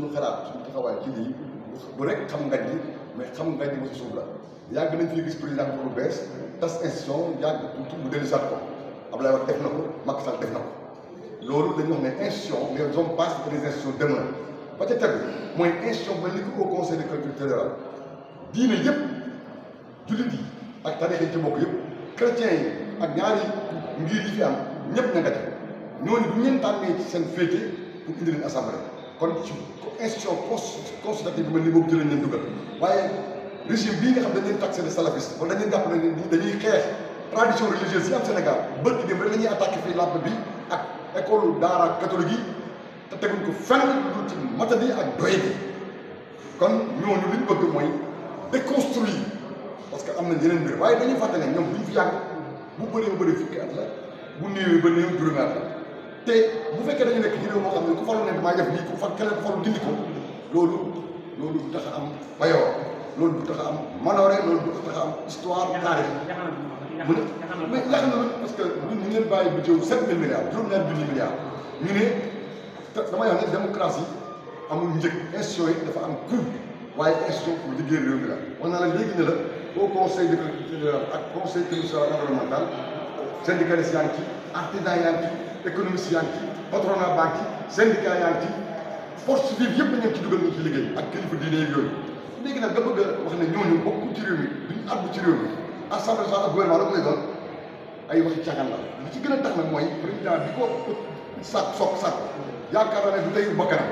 Nous xalaat suñu taxawaay ci bu rek xam nga mais xam nga ji si suuf nañ président bu bees tas institution yàgg mu ko Abdoulaye Wade def na ko def na ko dañu wax institution les passent les institutions ba ca tegu mooy institution ba au conseil de culture avons diine yëpp ak tane chrétiens ak ñaari ngir am nga bu pour indi assemblée kon ci institution consultative bi mel ni boobu ci lañ leen dugal waaye régime bii nga xam dañ leen taxé de salafiste wala dañ leen dañuy xeex tradition religieuse yi am Sénégal bët dem rek la ñuy attaqué fii bi ak école daara catholique yi te teguñ ko fenn lu ci matadi ak doy bi kon ñooñu li ñu bëgg mooy déconstruire parce que am na yeneen mbir waaye dañuy fàtte ñoom bu ñu fi yàgg bu bëree ba bëri fukki at la bu néewee ba néew juróomi at la te bu fekkee dañu nekk ci réew moo xam ne ku faru ne damaa def lii ku far keneen ku faru ko loolu loolu du am bayoo loolu du tax a am manoore loolu du tax a am histoire taarix mu ne mais yaakaar naa parce que ñun ñu leen bàyyi budget wu sept mille milliards juróom-ñaari junni milliards ñu ne te dama ne démocratie yi dafa am coût waaye institution pour liggéey réew mi la wax naa la léegi ne la au conseil de ak conseil territorial environnemental syndicaliste yaa ngi ci artisan yaa économiste yaa ngi ci patronat banque yi syndicat yaa ngi ci force vive yëpp dañu ci dugal ñu ci liggéey ak kilifa diine yi yooyu léegi nag nga bëgg a wax ne ñooñu bokku ci réew mi duñu àddu ci réew mi assemblée ak gouvernement la ko doon ay waxi càggan la li ci gën a tax nag mooy président bi ko sàkk sokk sàkk yaakaar naa ne du tey bakkanam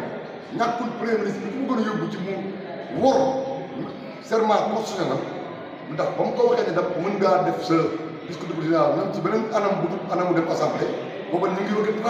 ñàkkul premier ministre bi mu gën yóbbu ci mu wor serment constitutionnel ndax ba mu ko waxee ne daf def sa discours du président même ci beneen anam bu mu dem assemblée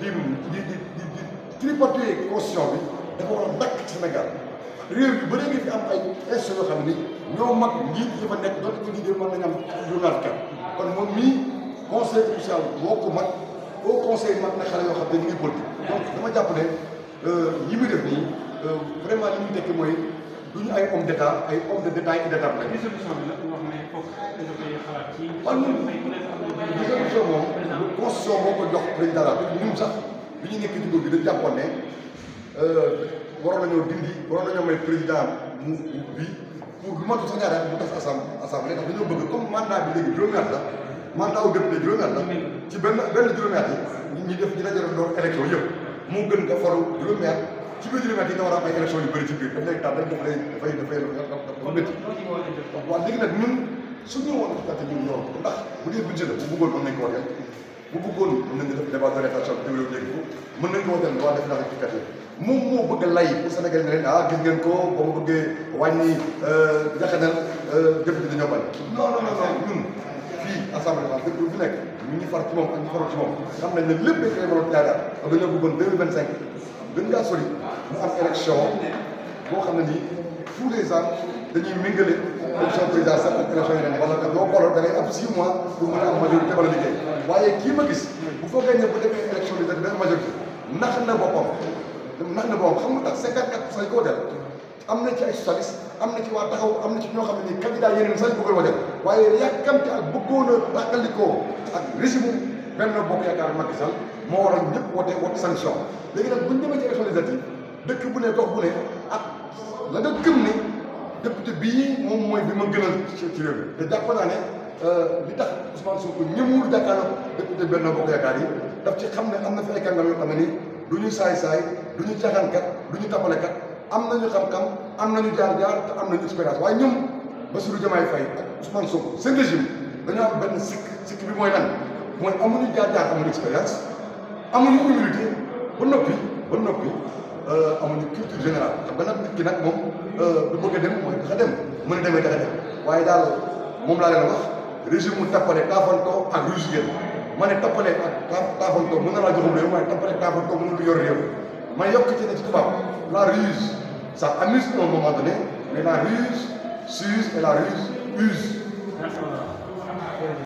lii di di di tripoter constitution bi dafa war a dakk ci Sénégal réew yu bëree ngi fi am ay institutions xam ni ñoo mag njiit yi nekk doon ko liggéey mën nañu am journal kan kon moom mii conseil social boo ko mag au conseil mag na xale yoo xam ne ñu ngi politique donc dama jàpp ne euh, yi muy def nii euh, vraiment li mu tekki mooy du ñu ay homme d' état ay homme de de et d' état la. résolution bi nag wax ne foofu dafa moom. constitution boo ko jox président la bi ñun sax bi ñu nekk ci nguur gi dañ jàppoon ne euh, waroon nañoo dindi waroon nañoo may président mu bi pour lu matu sax ñaari at mu tas assemblée assemblée bëgg comme mandat bi léegi juróomi at la mandat wu député juróomi at la ci benn benn juróomi at yi ñu def ñu dajale doon élection yëpp moo gën nga faru juróomi at ci biir juróomi at yi nga war a am ay élection yu bëri ci biir daf lay taal rek daf lay dafay dafay dafa métti waaw léegi nag ñun suñu woon dafa ñun ñoo ndax bu bëggoon mën nañu def débat d'orientation bi développé léegi ko mën nañu ko wax dana loi de finances rectificative moom moo bëgg a lay pour Sénégal ne leen ah gis ngeen ko ba mu bëggee wàññi euh, jaxanal jëf euh, bi dañoo bañ. non non non ñun fii assemblée nationale dëkk fi nekk ñu ñu far ci moom ak ñu farul ci moom xam nañ ne lépp dañ koy waroon jaaraat te dañoo bëggoon deux mille vingt cinq gën ngaa sori mu am élection boo xam ne nii tous les ans dañuy méngale élection présidentielle ak élection yeneen wala da ngay am 6 mois a am majorité wala liggéey waaye kii ma bu foogee ne bu demee élection bi da nga am majorité nax na boppam nax na boppam xam nga ko woteel am na ci ay socialiste am na ci waa am na ci ñoo xam ne nii candidat yeneen sax bëggoon woteel waaye yàkkamte ak bëggoon a tàqalikoo ak régime benn bokk yaakaar Macky moo waral ñëpp wote wote sanction léegi nag bu ñu ci élection dëkk bu ne gox bu ne ak la nga gëm député bii moom mooy bi ma gënal ci réew mi te jàpp naa ne euh, li tax Ousmane Sonko ñëwul jàkkaarloo député Benno Bokk Yaakaar yi daf ci xam ne am na fi ay kàngam yoo xam ne nii du ñu saay-saay du ñu caaxaankat du ñu tapalekat am nañu xam-xam am nañu jaar-jaar te am nañu expérience waaye ñoom Bassirou Diomaye Faye ak Ousmane Sonko seen régime dañoo am benn sikk sikk bi mooy lan mooy amuñu jaar-jaar amuñu expérience amuñu humilité ba noppi ba noppi Euh, amuñu culture générale xam nga nag nit ki nag moom euh, du bëgg a dem mooy tax a dem mën a de tax a dem waaye daal moom laa leen wax régime mu tappale taafantoo ak ruse ngeen ma ne tappale ak taafantoo mën na laa joxum réew waaye tappale taafantoo mënul yor réew ma yokk ci ne ci tubaab la ruse ça amuse à un mais la ruse s'use et la ruse use